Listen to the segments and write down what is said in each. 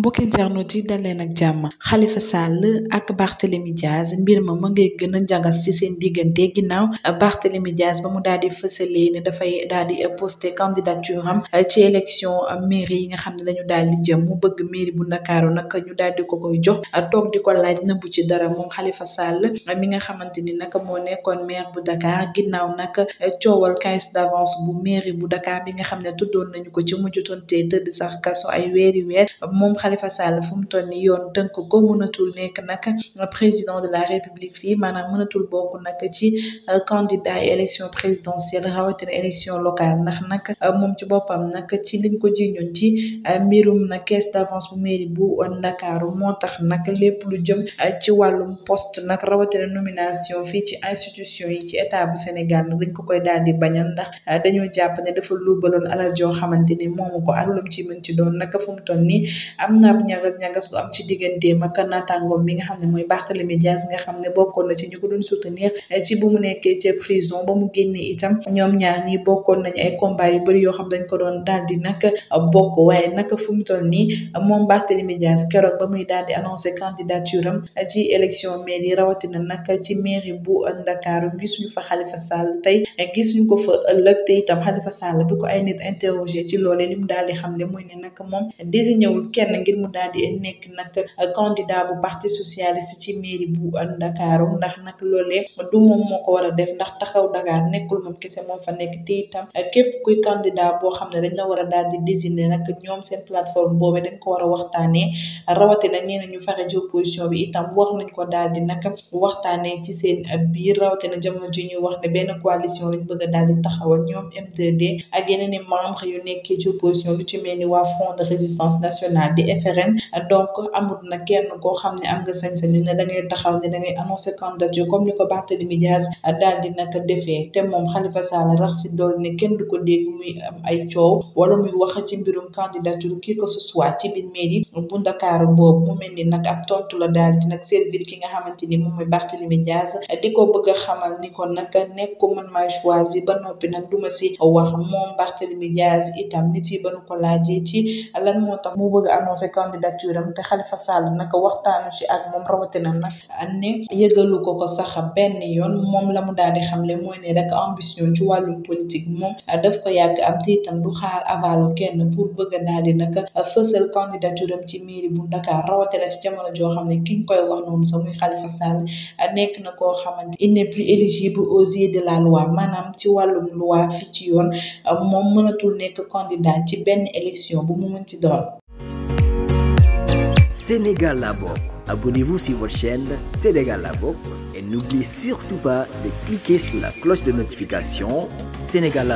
mbokk internautes yi dal leen ak jàmm Khalifa Sall ak Barthélemy Diaz mbir ma ma ngay gën a njagas ci seen diggante ginnaaw Barthélemy Diaz ba mu daal di fësalee ne dafay daal di posté candidature am ci élection mairie yi nga xam ne dañu daal di jëm mu bëgg mairie bu Ndakaaru nag ñu daal di ko koy jox toog di ko laaj nëbbu ci dara moom Khalifa Sall nga xamante ni nag moo nekkoon maire bu Dakar ginnaaw nag coowal caisse d'avance bu mairie bu Dakar bi nga xam ne tuddoon nañu ko ci mujjutoon te tëdd Khalifa Sall fu mu toll nii yoon tënk ko mënatul nekk nag président de la république fii maanaam mënatul bokk nag ci euh, candidat yi élection présidentielle rawatina élection locale ndax nag euh, moom ci boppam nag ci liñ ko jiñoon ci euh, mbirum nag caisse d'avance bu mairie bu Ndakaaru moo tax nag lépp lu jëm ci wàllum poste nag rawatina nomination fii ci institution yi ci état bu Sénégal nag dañ ko koy daal di bañal ndax dañoo jàpp ne dafa luubaloon alal joo xamante ni moomu ko lu ci mën ci doon nag fu nii na ab ñagas-ñagas bu am ci digganteem ak naataangoom bi nga xam ne mooy Barthélémy Dias nga xam ne bokkoon na ci ñu ko eh, mu nekkee ca prison ba ñoom ñaar ñi bokkoon nañu ay combat yu bëri yoo xam dañ ko doon daal di nag bokk waaye nag fu mu toll nii moom Barthélémy Dias keroog ba muy daal di annoncé candidature am eh, ci élection maire yi rawatina nag ci mairie bu Ndakaaru gisuñu fa fa Sall tey eh, gisuñu ko fa ëllëg te itam Khalifa Sall bi ko ay nit interrogé ci loolee li mu daal di xam ne mooy ne nag moom désigné wul kenn ngir mu daal di nekk a candidat bu parti socialiste ci mairie bu Ndakaaru ndax nak loolee du moom moo ko war a def ndax taxaw Dakar nekkul moom kese moo fa nekk te itam képp kuy candidat boo xam ne dañ la war a daal di désigner nag ñoom seen plateforme boobee ko war a waxtaanee rawatina ñeneen ñu fexe ci opposition bi itam wax nañ ko daal di nag waxtaanee ci seen biir rawatina jamono ji ñuy wax ne benn coalition lañ bëgg a daal di taxawal ñoom M2D ak yeneen i membres yu nekkee ci opposition lu ci mel ni waa Front de Résistance Nationale di FRN donc amul na kenn koo xam ne am nga sañ-sañu ne da ngay taxaw ne da ngay annoncé candidature comme ni ko Barthélémy Dias daal di naka defee te ko dégg muy am ay coow ci mbirum candidature kii que ce soit ci biir mairie bu Ndakaaru boobu mu mel ni nag ab tontu la daal di nag servir ki nga xamante di ko bëgg a xamal ni ko nag nekk man maay choisir ba noppi nag duma si wax moom Barthélémy Dias itam nit yi ba nu ko a ci lan moo tax mu bëgg annoncé annoncé candidature am te Khalifa Sall naka waxtaanu ci ak moom rawatina nag ne yëgalu ko ko sax a benn yoon moom la mu daal di xamle mooy ne rek ambition ci wàllum politique moom daf ko yàgg am te itam du xaar avalu kenn pour bëgg a daal di naka fësal candidature am ci mairie bu Dakar rawatina ci jamono ne ki nga koy wax noonu sax muy Khalifa Sall nekk na koo xamante il n'est plus éligible aux yeux de la loi maanaam ci wàllum loi fi ci yoon moom mënatul nekk candidat ci benn élection bu mu mën ci doon Sénégal la abonnez-vous sur votre chaîne Sénégal la et n'oubliez surtout pas de cliquer sur la cloche de notification Sénégal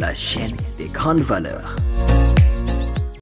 la chaîne des grandes valeurs